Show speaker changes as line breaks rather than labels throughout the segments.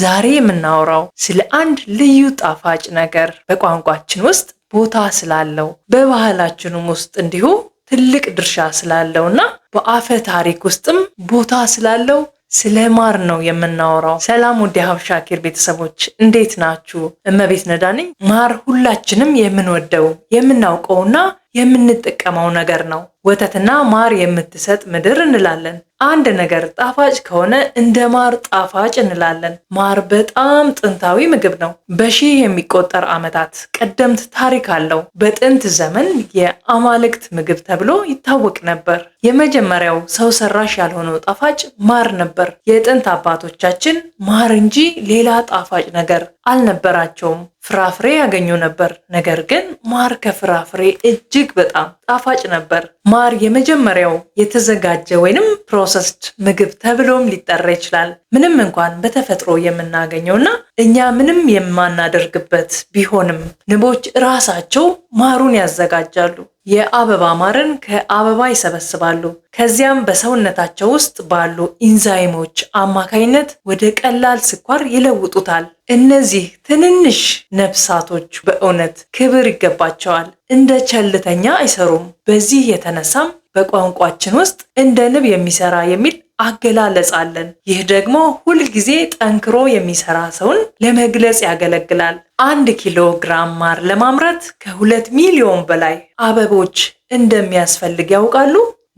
ዛሬ የምናወራው ስለ አንድ ልዩ ጣፋጭ ነገር በቋንቋችን ውስጥ ቦታ ስላለው በባህላችንም ውስጥ እንዲሁ ትልቅ ድርሻ ስላለው እና በአፈ ታሪክ ውስጥም ቦታ ስላለው ስለ ማር ነው የምናወራው። ሰላም ውድ የሀበሻ ኪር ቤተሰቦች እንዴት ናችሁ? እመቤት ነዳ ነኝ። ማር ሁላችንም የምንወደው የምናውቀውና የምንጠቀመው ነገር ነው። ወተትና ማር የምትሰጥ ምድር እንላለን። አንድ ነገር ጣፋጭ ከሆነ እንደ ማር ጣፋጭ እንላለን። ማር በጣም ጥንታዊ ምግብ ነው። በሺህ የሚቆጠር ዓመታት ቀደምት ታሪክ አለው። በጥንት ዘመን የአማልክት ምግብ ተብሎ ይታወቅ ነበር። የመጀመሪያው ሰው ሰራሽ ያልሆነው ጣፋጭ ማር ነበር። የጥንት አባቶቻችን ማር እንጂ ሌላ ጣፋጭ ነገር አልነበራቸውም። ፍራፍሬ ያገኙ ነበር። ነገር ግን ማር ከፍራፍሬ እጅግ በጣም ጣፋጭ ነበር። ማር የመጀመሪያው የተዘጋጀ ወይንም ፕሮሰስድ ምግብ ተብሎም ሊጠራ ይችላል። ምንም እንኳን በተፈጥሮ የምናገኘውና እኛ ምንም የማናደርግበት ቢሆንም ንቦች ራሳቸው ማሩን ያዘጋጃሉ። የአበባ ማርን ከአበባ ይሰበስባሉ። ከዚያም በሰውነታቸው ውስጥ ባሉ ኢንዛይሞች አማካይነት ወደ ቀላል ስኳር ይለውጡታል። እነዚህ ትንንሽ ነፍሳቶች በእውነት ክብር ይገባቸዋል። እንደ ቸልተኛ አይሰሩም። በዚህ የተነሳም በቋንቋችን ውስጥ እንደ ንብ የሚሰራ የሚል አገላለጽ አለን። ይህ ደግሞ ሁልጊዜ ጠንክሮ የሚሰራ ሰውን ለመግለጽ ያገለግላል። አንድ ኪሎ ግራም ማር ለማምረት ከሁለት ሚሊዮን በላይ አበቦች እንደሚያስፈልግ ያውቃሉ?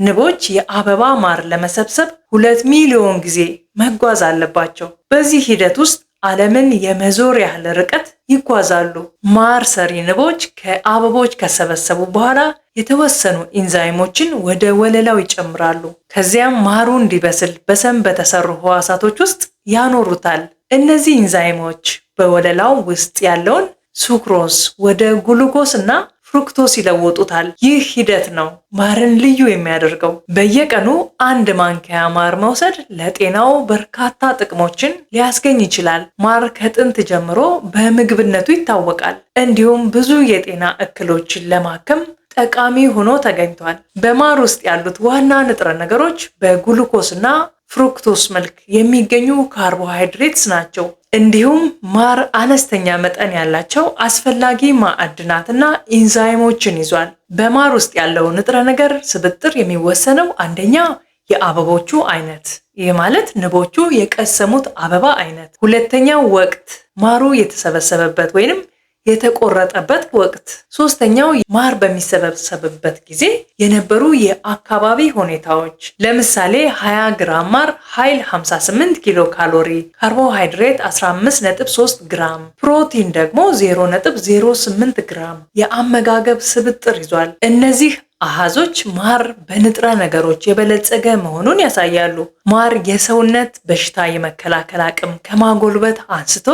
ንቦች የአበባ ማር ለመሰብሰብ ሁለት ሚሊዮን ጊዜ መጓዝ አለባቸው። በዚህ ሂደት ውስጥ ዓለምን የመዞር ያህል ርቀት ይጓዛሉ። ማር ሰሪ ንቦች ከአበቦች ከሰበሰቡ በኋላ የተወሰኑ ኢንዛይሞችን ወደ ወለላው ይጨምራሉ። ከዚያም ማሩ እንዲበስል በሰም በተሰሩ ህዋሳቶች ውስጥ ያኖሩታል። እነዚህ ኢንዛይሞች በወለላው ውስጥ ያለውን ሱክሮስ ወደ ጉሉኮስ እና ፍሩክቶስ ይለውጡታል። ይህ ሂደት ነው ማርን ልዩ የሚያደርገው። በየቀኑ አንድ ማንኪያ ማር መውሰድ ለጤናው በርካታ ጥቅሞችን ሊያስገኝ ይችላል። ማር ከጥንት ጀምሮ በምግብነቱ ይታወቃል። እንዲሁም ብዙ የጤና እክሎችን ለማከም ጠቃሚ ሆኖ ተገኝቷል። በማር ውስጥ ያሉት ዋና ንጥረ ነገሮች በግሉኮስ እና ፍሩክቶስ መልክ የሚገኙ ካርቦሃይድሬትስ ናቸው። እንዲሁም ማር አነስተኛ መጠን ያላቸው አስፈላጊ ማዕድናትና ኢንዛይሞችን ይዟል። በማር ውስጥ ያለው ንጥረ ነገር ስብጥር የሚወሰነው አንደኛ የአበቦቹ አይነት፣ ይህ ማለት ንቦቹ የቀሰሙት አበባ አይነት፣ ሁለተኛው ወቅት ማሩ የተሰበሰበበት ወይንም የተቆረጠበት ወቅት። ሶስተኛው ማር በሚሰበሰብበት ጊዜ የነበሩ የአካባቢ ሁኔታዎች፣ ለምሳሌ 20 ግራም ማር ኃይል 58 ኪሎ ካሎሪ፣ ካርቦሃይድሬት 153 ግራም፣ ፕሮቲን ደግሞ 008 ግራም የአመጋገብ ስብጥር ይዟል። እነዚህ አሃዞች ማር በንጥረ ነገሮች የበለጸገ መሆኑን ያሳያሉ። ማር የሰውነት በሽታ የመከላከል አቅም ከማጎልበት አንስቶ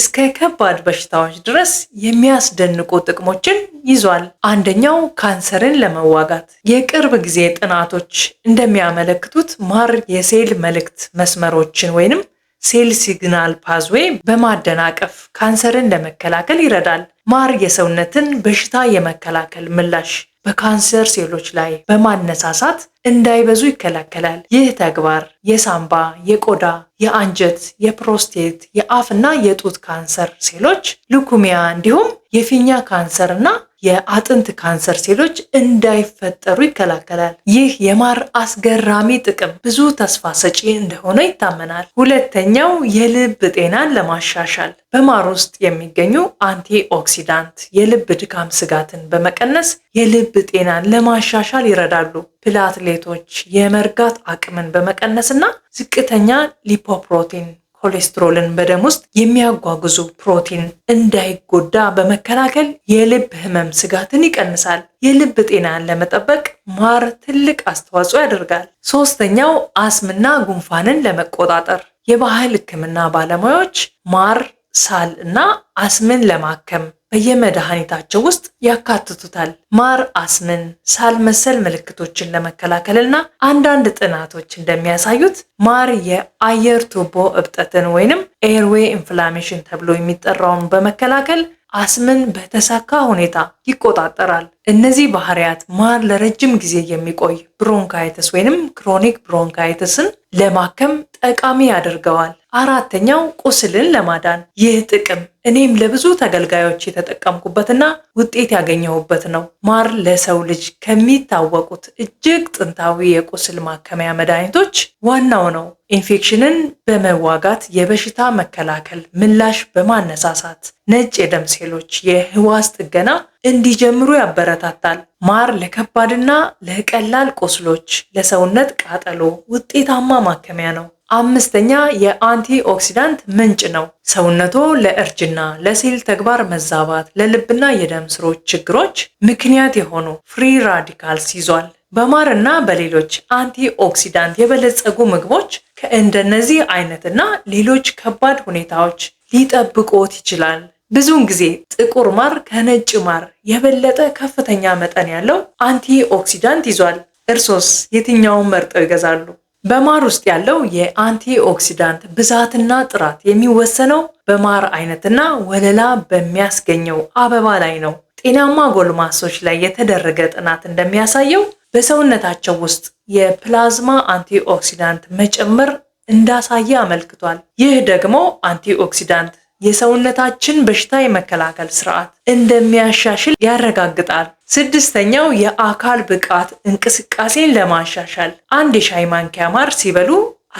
እስከ ከባድ በሽታዎች ድረስ የሚያስደንቁ ጥቅሞችን ይዟል። አንደኛው ካንሰርን ለመዋጋት የቅርብ ጊዜ ጥናቶች እንደሚያመለክቱት ማር የሴል መልእክት መስመሮችን ወይንም ሴል ሲግናል ፓዝዌይ በማደናቀፍ ካንሰርን ለመከላከል ይረዳል። ማር የሰውነትን በሽታ የመከላከል ምላሽ በካንሰር ሴሎች ላይ በማነሳሳት እንዳይበዙ ይከላከላል። ይህ ተግባር የሳምባ፣ የቆዳ፣ የአንጀት፣ የፕሮስቴት፣ የአፍና የጡት ካንሰር ሴሎች፣ ሉኩሚያ እንዲሁም የፊኛ ካንሰር እና የአጥንት ካንሰር ሴሎች እንዳይፈጠሩ ይከላከላል። ይህ የማር አስገራሚ ጥቅም ብዙ ተስፋ ሰጪ እንደሆነ ይታመናል። ሁለተኛው የልብ ጤናን ለማሻሻል በማር ውስጥ የሚገኙ አንቲ ኦክሲዳንት የልብ ድካም ስጋትን በመቀነስ የልብ ጤናን ለማሻሻል ይረዳሉ። ፕላትሌቶች የመርጋት አቅምን በመቀነስ እና ዝቅተኛ ሊፖፕሮቲን ኮሌስትሮልን በደም ውስጥ የሚያጓጉዙ ፕሮቲን እንዳይጎዳ በመከላከል የልብ ህመም ስጋትን ይቀንሳል። የልብ ጤናን ለመጠበቅ ማር ትልቅ አስተዋጽኦ ያደርጋል። ሶስተኛው አስምና ጉንፋንን ለመቆጣጠር የባህል ሕክምና ባለሙያዎች ማር ሳል እና አስምን ለማከም በየመድኃኒታቸው ውስጥ ያካትቱታል። ማር አስምን፣ ሳል መሰል ምልክቶችን ለመከላከልና አንዳንድ ጥናቶች እንደሚያሳዩት ማር የአየር ቱቦ እብጠትን ወይንም ኤርዌይ ኢንፍላሜሽን ተብሎ የሚጠራውን በመከላከል አስምን በተሳካ ሁኔታ ይቆጣጠራል። እነዚህ ባህሪያት ማር ለረጅም ጊዜ የሚቆይ ብሮንካይተስ ወይንም ክሮኒክ ብሮንካይተስን ለማከም ጠቃሚ ያደርገዋል። አራተኛው ቁስልን ለማዳን ይህ ጥቅም እኔም ለብዙ ተገልጋዮች የተጠቀምኩበትና ውጤት ያገኘሁበት ነው። ማር ለሰው ልጅ ከሚታወቁት እጅግ ጥንታዊ የቁስል ማከሚያ መድኃኒቶች ዋናው ነው። ኢንፌክሽንን በመዋጋት የበሽታ መከላከል ምላሽ በማነሳሳት ነጭ የደም ሴሎች የህዋስ ጥገና እንዲጀምሩ ያበረታታል። ማር ለከባድና ለቀላል ቁስሎች፣ ለሰውነት ቃጠሎ ውጤታማ ማከሚያ ነው። አምስተኛ የአንቲ ኦክሲዳንት ምንጭ ነው። ሰውነቶ ለእርጅና፣ ለሴል ተግባር መዛባት፣ ለልብና የደም ስሮች ችግሮች ምክንያት የሆኑ ፍሪ ራዲካልስ ይዟል። በማርና በሌሎች አንቲ ኦክሲዳንት የበለጸጉ ምግቦች ከእንደነዚህ አይነትና ሌሎች ከባድ ሁኔታዎች ሊጠብቆት ይችላል። ብዙውን ጊዜ ጥቁር ማር ከነጭ ማር የበለጠ ከፍተኛ መጠን ያለው አንቲ ኦክሲዳንት ይዟል። እርሶስ የትኛውን መርጠው ይገዛሉ? በማር ውስጥ ያለው የአንቲ ኦክሲዳንት ብዛትና ጥራት የሚወሰነው በማር አይነትና ወለላ በሚያስገኘው አበባ ላይ ነው። ጤናማ ጎልማሶች ላይ የተደረገ ጥናት እንደሚያሳየው በሰውነታቸው ውስጥ የፕላዝማ አንቲ ኦክሲዳንት መጨመር እንዳሳየ አመልክቷል። ይህ ደግሞ አንቲ ኦክሲዳንት የሰውነታችን በሽታ የመከላከል ስርዓት እንደሚያሻሽል ያረጋግጣል። ስድስተኛው የአካል ብቃት እንቅስቃሴን ለማሻሻል አንድ የሻይ ማንኪያ ማር ሲበሉ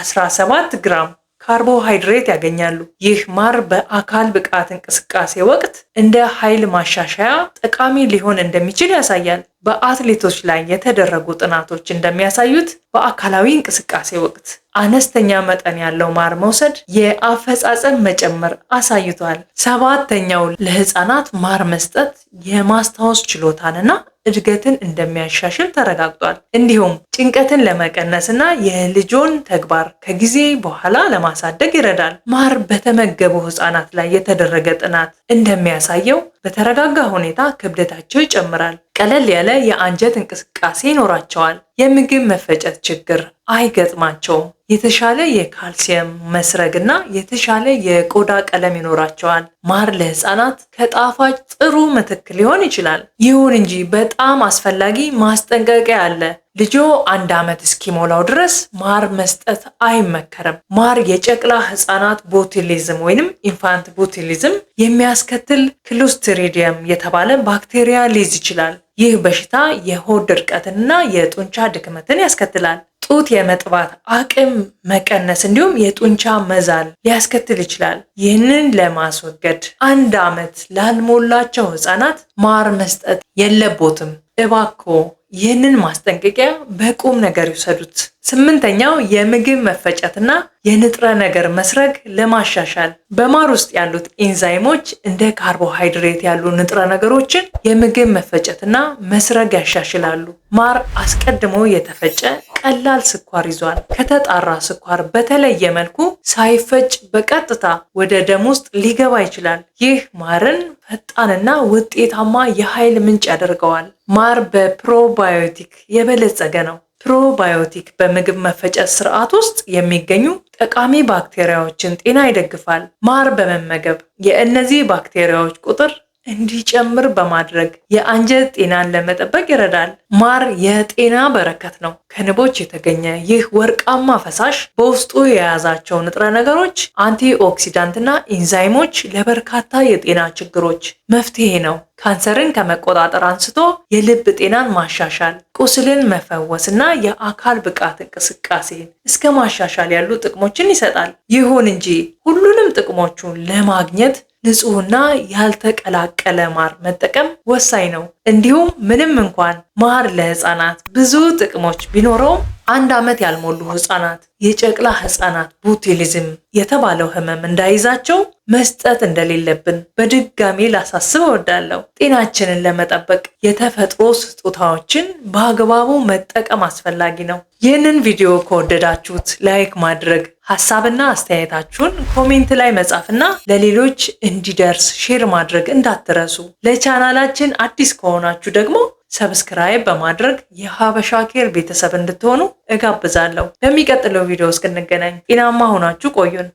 17 ግራም ካርቦሃይድሬት ያገኛሉ። ይህ ማር በአካል ብቃት እንቅስቃሴ ወቅት እንደ ኃይል ማሻሻያ ጠቃሚ ሊሆን እንደሚችል ያሳያል። በአትሌቶች ላይ የተደረጉ ጥናቶች እንደሚያሳዩት በአካላዊ እንቅስቃሴ ወቅት አነስተኛ መጠን ያለው ማር መውሰድ የአፈጻጸም መጨመር አሳይቷል። ሰባተኛው ለህፃናት ማር መስጠት የማስታወስ ችሎታንና እድገትን እንደሚያሻሽል ተረጋግጧል። እንዲሁም ጭንቀትን ለመቀነስ እና የልጆን ተግባር ከጊዜ በኋላ ለማሳደግ ይረዳል። ማር በተመገቡ ህፃናት ላይ የተደረገ ጥናት እንደሚያሳየው በተረጋጋ ሁኔታ ክብደታቸው ይጨምራል። ቀለል ያለ የአንጀት እንቅስቃሴ ይኖራቸዋል። የምግብ መፈጨት ችግር አይገጥማቸውም። የተሻለ የካልሲየም መስረግና የተሻለ የቆዳ ቀለም ይኖራቸዋል። ማር ለህፃናት ከጣፋጭ ጥሩ ምትክ ሊሆን ይችላል። ይሁን እንጂ በጣም አስፈላጊ ማስጠንቀቂያ አለ። ልጆ አንድ ዓመት እስኪሞላው ድረስ ማር መስጠት አይመከርም። ማር የጨቅላ ህፃናት ቦቲሊዝም ወይንም ኢንፋንት ቦቲሊዝም የሚያስከትል ክሎስትሪዲየም የተባለ ባክቴሪያ ሊይዝ ይችላል። ይህ በሽታ የሆድ ድርቀትንና የጡንቻ ድክመትን ያስከትላል። ጡት የመጥባት አቅም መቀነስ እንዲሁም የጡንቻ መዛል ሊያስከትል ይችላል። ይህንን ለማስወገድ አንድ ዓመት ላልሞላቸው ህፃናት ማር መስጠት የለቦትም። እባክዎ ይህንን ማስጠንቀቂያ በቁም ነገር ይውሰዱት። ስምንተኛው የምግብ መፈጨትና የንጥረ ነገር መስረግ ለማሻሻል በማር ውስጥ ያሉት ኤንዛይሞች እንደ ካርቦሃይድሬት ያሉ ንጥረ ነገሮችን የምግብ መፈጨትና መስረግ ያሻሽላሉ። ማር አስቀድሞ የተፈጨ ቀላል ስኳር ይዟል። ከተጣራ ስኳር በተለየ መልኩ ሳይፈጭ በቀጥታ ወደ ደም ውስጥ ሊገባ ይችላል። ይህ ማርን ፈጣንና ውጤታማ የኃይል ምንጭ ያደርገዋል። ማር በፕሮባዮቲክ የበለጸገ ነው። ፕሮባዮቲክ በምግብ መፈጨት ስርዓት ውስጥ የሚገኙ ጠቃሚ ባክቴሪያዎችን ጤና ይደግፋል። ማር በመመገብ የእነዚህ ባክቴሪያዎች ቁጥር እንዲጨምር በማድረግ የአንጀት ጤናን ለመጠበቅ ይረዳል። ማር የጤና በረከት ነው። ከንቦች የተገኘ ይህ ወርቃማ ፈሳሽ በውስጡ የያዛቸው ንጥረ ነገሮች፣ አንቲኦክሲዳንትና ኢንዛይሞች ለበርካታ የጤና ችግሮች መፍትሄ ነው። ካንሰርን ከመቆጣጠር አንስቶ የልብ ጤናን ማሻሻል፣ ቁስልን መፈወስ እና የአካል ብቃት እንቅስቃሴን እስከ ማሻሻል ያሉ ጥቅሞችን ይሰጣል። ይሁን እንጂ ሁሉንም ጥቅሞቹን ለማግኘት ንጹህና ያልተቀላቀለ ማር መጠቀም ወሳኝ ነው። እንዲሁም ምንም እንኳን ማር ለህፃናት ብዙ ጥቅሞች ቢኖረውም አንድ ዓመት ያልሞሉ ህፃናት የጨቅላ ህፃናት ቡቲሊዝም የተባለው ህመም እንዳይዛቸው መስጠት እንደሌለብን በድጋሜ ላሳስብ እወዳለሁ። ጤናችንን ለመጠበቅ የተፈጥሮ ስጦታዎችን በአግባቡ መጠቀም አስፈላጊ ነው። ይህንን ቪዲዮ ከወደዳችሁት ላይክ ማድረግ ሀሳብና አስተያየታችሁን ኮሜንት ላይ መጻፍና ለሌሎች እንዲደርስ ሼር ማድረግ እንዳትረሱ። ለቻናላችን አዲስ ከሆናችሁ ደግሞ ሰብስክራይብ በማድረግ የሀበሻ ኬር ቤተሰብ እንድትሆኑ እጋብዛለሁ። በሚቀጥለው ቪዲዮ እስክንገናኝ ጤናማ ሆናችሁ ቆዩን።